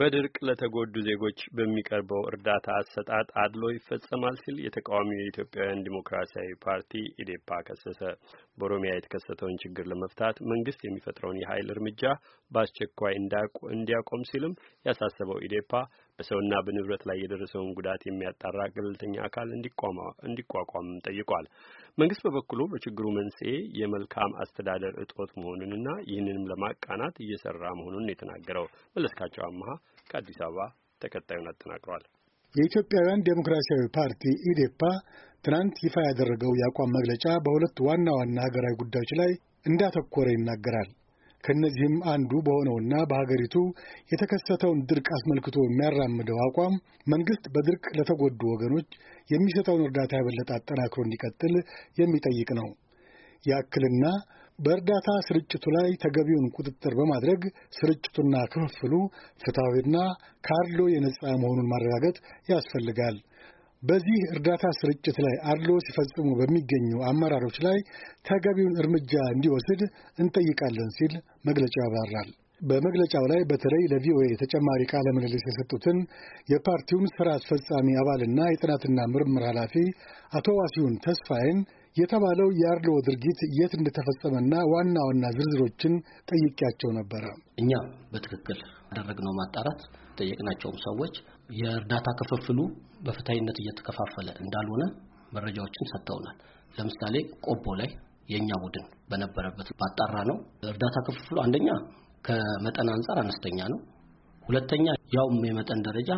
በድርቅ ለተጎዱ ዜጎች በሚቀርበው እርዳታ አሰጣጥ አድሎ ይፈጸማል ሲል የተቃዋሚው የኢትዮጵያውያን ዲሞክራሲያዊ ፓርቲ ኢዴፓ ከሰሰ። በኦሮሚያ የተከሰተውን ችግር ለመፍታት መንግስት የሚፈጥረውን የኃይል እርምጃ በአስቸኳይ እንዲያቆም ሲልም ያሳሰበው ኢዴፓ በሰውና በንብረት ላይ የደረሰውን ጉዳት የሚያጣራ ገለልተኛ አካል እንዲቋቋም ጠይቋል። መንግስት በበኩሉ በችግሩ መንስኤ የመልካም አስተዳደር እጦት መሆኑንና ይህንንም ለማቃናት እየሰራ መሆኑን የተናገረው መለስካቸው አመሃ ከአዲስ አበባ ተከታዩን አጠናቅሯል። የኢትዮጵያውያን ዴሞክራሲያዊ ፓርቲ ኢዴፓ ትናንት ይፋ ያደረገው የአቋም መግለጫ በሁለት ዋና ዋና ሀገራዊ ጉዳዮች ላይ እንዳተኮረ ይናገራል። ከእነዚህም አንዱ በሆነውና በሀገሪቱ የተከሰተውን ድርቅ አስመልክቶ የሚያራምደው አቋም መንግስት በድርቅ ለተጎዱ ወገኖች የሚሰጠውን እርዳታ የበለጠ አጠናክሮ እንዲቀጥል የሚጠይቅ ነው። ያክልና በእርዳታ ስርጭቱ ላይ ተገቢውን ቁጥጥር በማድረግ ስርጭቱና ክፍፍሉ ፍትሐዊና ካርሎ የነጻ መሆኑን ማረጋገጥ ያስፈልጋል። በዚህ እርዳታ ስርጭት ላይ አድሎ ሲፈጽሙ በሚገኙ አመራሮች ላይ ተገቢውን እርምጃ እንዲወስድ እንጠይቃለን ሲል መግለጫው ያብራራል። በመግለጫው ላይ በተለይ ለቪኦኤ ተጨማሪ ቃለ ምልልስ የሰጡትን የፓርቲውን ስራ አስፈጻሚ አባልና የጥናትና ምርምር ኃላፊ አቶ ዋሲሁን ተስፋዬን የተባለው የአርሎ ድርጊት የት እንደተፈጸመና ዋና ዋና ዝርዝሮችን ጠይቄያቸው ነበረ። እኛ በትክክል ያደረግነው ማጣራት ጠየቅናቸውም ሰዎች የእርዳታ ክፍፍሉ በፍታይነት እየተከፋፈለ እንዳልሆነ መረጃዎችን ሰጥተውናል። ለምሳሌ ቆቦ ላይ የእኛ ቡድን በነበረበት ባጣራ ነው እርዳታ ክፍፍሉ አንደኛ ከመጠን አንጻር አነስተኛ ነው። ሁለተኛ ያውም የመጠን ደረጃ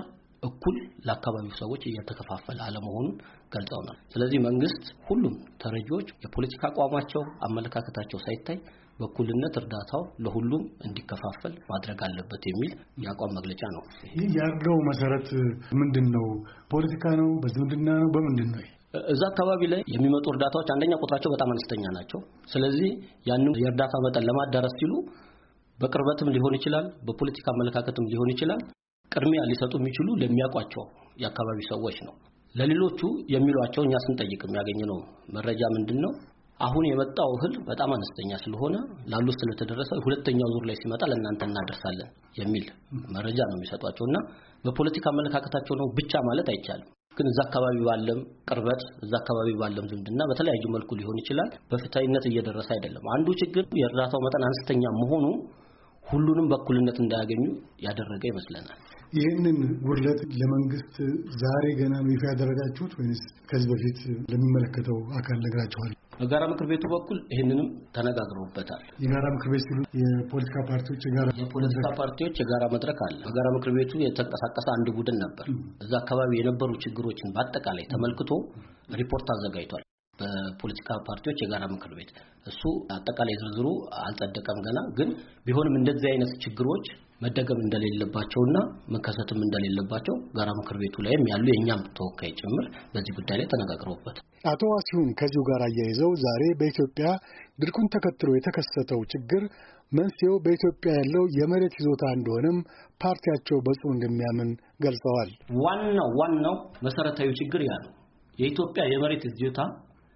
እኩል ለአካባቢው ሰዎች እየተከፋፈለ አለመሆኑን ገልጸውናል። ስለዚህ መንግስት ሁሉም ተረጂዎች የፖለቲካ አቋማቸው፣ አመለካከታቸው ሳይታይ በኩልነት እርዳታው ለሁሉም እንዲከፋፈል ማድረግ አለበት የሚል የአቋም መግለጫ ነው። ይህ ያለው መሰረት ምንድን ነው? ፖለቲካ ነው? በዝምድና ነው? በምንድን ነው? እዛ አካባቢ ላይ የሚመጡ እርዳታዎች አንደኛ ቁጥራቸው በጣም አነስተኛ ናቸው። ስለዚህ ያንን የእርዳታ መጠን ለማዳረስ ሲሉ በቅርበትም ሊሆን ይችላል፣ በፖለቲካ አመለካከትም ሊሆን ይችላል ቅድሚያ ሊሰጡ የሚችሉ ለሚያውቋቸው የአካባቢ ሰዎች ነው። ለሌሎቹ የሚሏቸው እኛ ስንጠይቅ የሚያገኝ ነው መረጃ ምንድን ነው? አሁን የመጣው እህል በጣም አነስተኛ ስለሆነ ላሉት ስለተደረሰ ሁለተኛው ዙር ላይ ሲመጣ ለእናንተ እናደርሳለን የሚል መረጃ ነው የሚሰጧቸው እና በፖለቲካ አመለካከታቸው ነው ብቻ ማለት አይቻልም። ግን እዛ አካባቢ ባለም ቅርበት እዛ አካባቢ ባለም ዝምድና በተለያዩ መልኩ ሊሆን ይችላል። በፍትሃዊነት እየደረሰ አይደለም። አንዱ ችግር የእርዳታው መጠን አነስተኛ መሆኑ ሁሉንም በእኩልነት እንዳያገኙ ያደረገ ይመስለናል። ይህንን ጉድለት ለመንግስት ዛሬ ገና ነው ይፋ ያደረጋችሁት ወይስ ከዚህ በፊት ለሚመለከተው አካል ነግራችኋል? በጋራ ምክር ቤቱ በኩል ይህንንም ተነጋግረውበታል። የጋራ ምክር ቤት ሲሉ የፖለቲካ ፓርቲዎች የጋራ የፖለቲካ ፓርቲዎች የጋራ መድረክ አለ። በጋራ ምክር ቤቱ የተንቀሳቀሰ አንድ ቡድን ነበር። እዛ አካባቢ የነበሩ ችግሮችን በአጠቃላይ ተመልክቶ ሪፖርት አዘጋጅቷል። በፖለቲካ ፓርቲዎች የጋራ ምክር ቤት እሱ አጠቃላይ ዝርዝሩ አልጸደቀም ገና። ግን ቢሆንም እንደዚህ አይነት ችግሮች መደገም እንደሌለባቸውና መከሰትም እንደሌለባቸው ጋራ ምክር ቤቱ ላይም ያሉ የእኛም ተወካይ ጭምር በዚህ ጉዳይ ላይ ተነጋግረውበት አቶ ዋሲሁን ከዚሁ ጋር አያይዘው ዛሬ በኢትዮጵያ ድርቁን ተከትሎ የተከሰተው ችግር መንስኤው በኢትዮጵያ ያለው የመሬት ይዞታ እንደሆነም ፓርቲያቸው በጽኑ እንደሚያምን ገልጸዋል። ዋናው ዋናው መሰረታዊ ችግር ያ ነው። የኢትዮጵያ የመሬት ይዞታ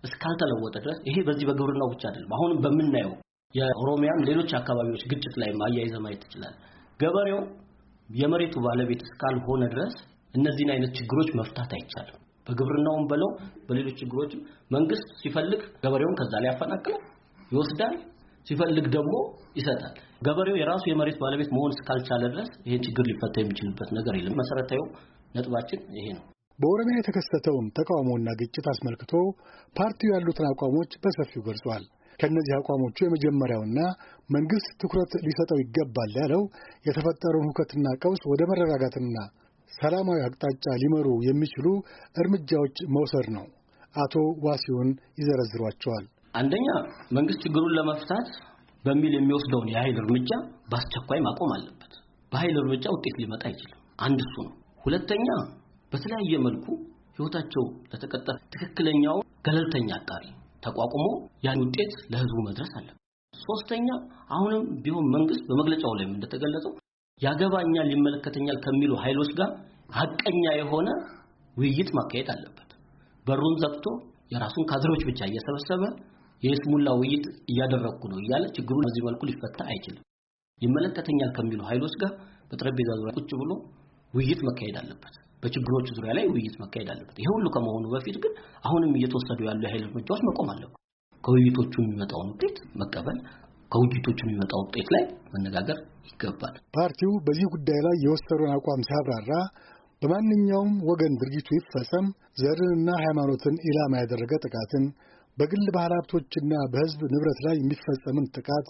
እስካልተለወጠ ድረስ ይሄ በዚህ በግብርናው ብቻ አይደለም፣ አሁንም በምናየው የኦሮሚያም ሌሎች አካባቢዎች ግጭት ላይ አያይዘ ማየት ትችላለህ። ገበሬው የመሬቱ ባለቤት እስካልሆነ ድረስ እነዚህን አይነት ችግሮች መፍታት አይቻልም። በግብርናውም በለው በሌሎች ችግሮች መንግስት ሲፈልግ ገበሬውን ከዛ ላይ ያፈናቅላል፣ ይወስዳል፣ ሲፈልግ ደግሞ ይሰጣል። ገበሬው የራሱ የመሬት ባለቤት መሆን እስካልቻለ ድረስ ይህን ችግር ሊፈታ የሚችልበት ነገር የለም። መሰረታዊ ነጥባችን ይሄ ነው። በኦሮሚያ የተከሰተውን ተቃውሞና ግጭት አስመልክቶ ፓርቲው ያሉትን አቋሞች በሰፊው ገልጿል። ከእነዚህ አቋሞቹ የመጀመሪያውና መንግስት ትኩረት ሊሰጠው ይገባል ያለው የተፈጠረውን ሁከትና ቀውስ ወደ መረጋጋትና ሰላማዊ አቅጣጫ ሊመሩ የሚችሉ እርምጃዎች መውሰድ ነው። አቶ ዋሲውን ይዘረዝሯቸዋል። አንደኛ መንግስት ችግሩን ለመፍታት በሚል የሚወስደውን የኃይል እርምጃ በአስቸኳይ ማቆም አለበት። በኃይል እርምጃ ውጤት ሊመጣ አይችልም። አንድ እሱ ነው። ሁለተኛ በተለያየ መልኩ ህይወታቸው ለተቀጠፈ ትክክለኛው ገለልተኛ አጣሪ ተቋቁሞ ያን ውጤት ለህዝቡ መድረስ አለ። ሶስተኛ አሁንም ቢሆን መንግስት በመግለጫው ላይም እንደተገለጸው ያገባኛል፣ ይመለከተኛል ከሚሉ ኃይሎች ጋር ሀቀኛ የሆነ ውይይት ማካሄድ አለበት። በሩን ዘግቶ የራሱን ካድሮች ብቻ እየሰበሰበ የስሙላ ውይይት እያደረግኩ ነው እያለ ችግሩ በዚህ መልኩ ሊፈታ አይችልም። ይመለከተኛል ከሚሉ ኃይሎች ጋር በጠረጴዛ ዙሪያ ቁጭ ብሎ ውይይት መካሄድ አለበት። በችግሮቹ ዙሪያ ላይ ውይይት መካሄድ አለበት። ይሄ ሁሉ ከመሆኑ በፊት ግን አሁንም እየተወሰዱ ያሉ የኃይል እርምጃዎች መቆም አለበት። ከውይይቶቹ የሚመጣውን ውጤት መቀበል ከውይይቶቹ የሚመጣው ውጤት ላይ መነጋገር ይገባል። ፓርቲው በዚህ ጉዳይ ላይ የወሰደውን አቋም ሲያብራራ በማንኛውም ወገን ድርጊቱ ይፈጸም ዘርንና ሃይማኖትን ኢላማ ያደረገ ጥቃትን በግል ባለሀብቶችና በህዝብ ንብረት ላይ የሚፈጸምን ጥቃት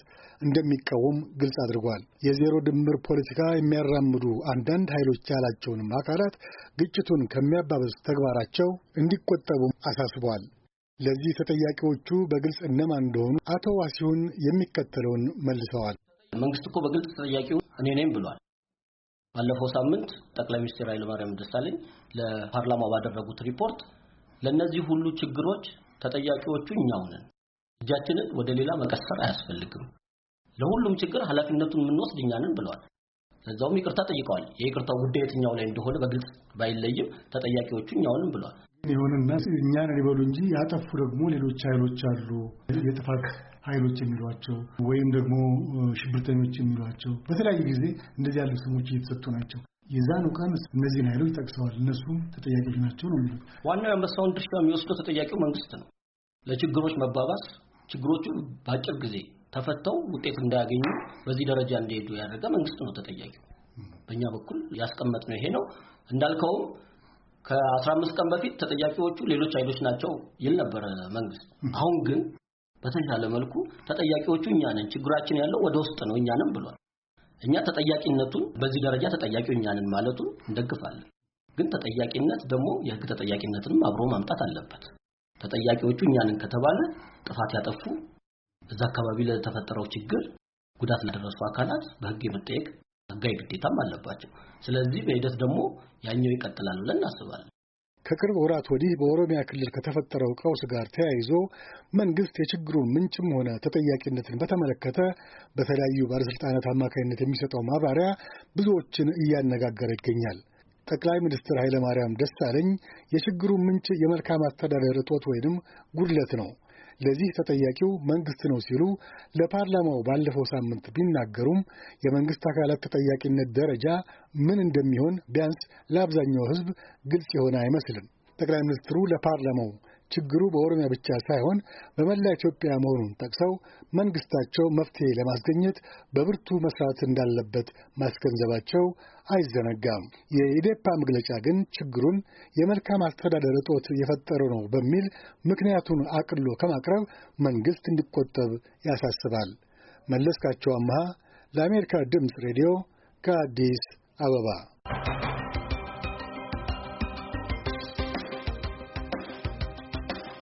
እንደሚቃወም ግልጽ አድርጓል። የዜሮ ድምር ፖለቲካ የሚያራምዱ አንዳንድ ኃይሎች ያላቸውንም አካላት ግጭቱን ከሚያባብስ ተግባራቸው እንዲቆጠቡ አሳስቧል። ለዚህ ተጠያቂዎቹ በግልጽ እነማን እንደሆኑ አቶ ዋሲሁን የሚከተለውን መልሰዋል። መንግስት እኮ በግልጽ ተጠያቂው እኔ ነኝ ብሏል። ባለፈው ሳምንት ጠቅላይ ሚኒስትር ኃይለማርያም ደሳለኝ ለፓርላማው ባደረጉት ሪፖርት ለእነዚህ ሁሉ ችግሮች ተጠያቂዎቹ እኛው ነን። እጃችንን ወደ ሌላ መቀሰር አያስፈልግም። ለሁሉም ችግር ኃላፊነቱን የምንወስድ እኛ ነን ብለዋል። ለዛውም ይቅርታ ጠይቀዋል። የይቅርታው ጉዳይ የትኛው ላይ እንደሆነ በግልጽ ባይለይም ተጠያቂዎቹ እኛውንም ብለዋል። ይሁንና እኛን ሊበሉ እንጂ ያጠፉ ደግሞ ሌሎች ኃይሎች አሉ፣ የጥፋት ኃይሎች የሚሏቸው ወይም ደግሞ ሽብርተኞች የሚሏቸው በተለያዩ ጊዜ እንደዚህ ያሉ ስሞች እየተሰጡ ናቸው። የዛኑ ቀን እነዚህን ኃይሎች ጠቅሰዋል። እነሱ ተጠያቂዎች ናቸው ነው የሚሉት። ዋናው የአንበሳውን ድርሻ የሚወስደው ተጠያቂው መንግስት ነው። ለችግሮች መባባስ ችግሮቹ በአጭር ጊዜ ተፈተው ውጤት እንዳያገኙ በዚህ ደረጃ እንደሄዱ ያደረገ መንግስት ነው ተጠያቂው። በእኛ በኩል ያስቀመጥ ነው ይሄ ነው እንዳልከውም ከአስራ አምስት ቀን በፊት ተጠያቂዎቹ ሌሎች ኃይሎች ናቸው ይል ነበረ መንግስት። አሁን ግን በተሻለ መልኩ ተጠያቂዎቹ እኛ ነን፣ ችግራችን ያለው ወደ ውስጥ ነው እኛንም ብሏል። እኛ ተጠያቂነቱን በዚህ ደረጃ ተጠያቂው እኛንን ማለቱን እንደግፋለን። ግን ተጠያቂነት ደግሞ የህግ ተጠያቂነትንም አብሮ ማምጣት አለበት። ተጠያቂዎቹ እኛንን ከተባለ ጥፋት ያጠፉ እዛ አካባቢ ለተፈጠረው ችግር ጉዳት ላደረሱ አካላት በህግ የመጠየቅ ህጋዊ ግዴታም አለባቸው። ስለዚህ በሂደት ደግሞ ያኛው ይቀጥላል ብለን እናስባለን። ከቅርብ ወራት ወዲህ በኦሮሚያ ክልል ከተፈጠረው ቀውስ ጋር ተያይዞ መንግስት የችግሩን ምንጭም ሆነ ተጠያቂነትን በተመለከተ በተለያዩ ባለሥልጣናት አማካኝነት የሚሰጠው ማብራሪያ ብዙዎችን እያነጋገረ ይገኛል። ጠቅላይ ሚኒስትር ኃይለማርያም ደሳለኝ የችግሩን ምንጭ የመልካም አስተዳደር እጦት ወይንም ጉድለት ነው ለዚህ ተጠያቂው መንግስት ነው ሲሉ ለፓርላማው ባለፈው ሳምንት ቢናገሩም የመንግስት አካላት ተጠያቂነት ደረጃ ምን እንደሚሆን ቢያንስ ለአብዛኛው ህዝብ ግልጽ የሆነ አይመስልም። ጠቅላይ ሚኒስትሩ ለፓርላማው ችግሩ በኦሮሚያ ብቻ ሳይሆን በመላ ኢትዮጵያ መሆኑን ጠቅሰው መንግስታቸው መፍትሄ ለማስገኘት በብርቱ መስራት እንዳለበት ማስገንዘባቸው አይዘነጋም። የኢዴፓ መግለጫ ግን ችግሩን የመልካም አስተዳደር እጦት የፈጠረው ነው በሚል ምክንያቱን አቅሎ ከማቅረብ መንግስት እንዲቆጠብ ያሳስባል። መለስካቸው አምሃ ለአሜሪካ ድምፅ ሬዲዮ ከአዲስ አበባ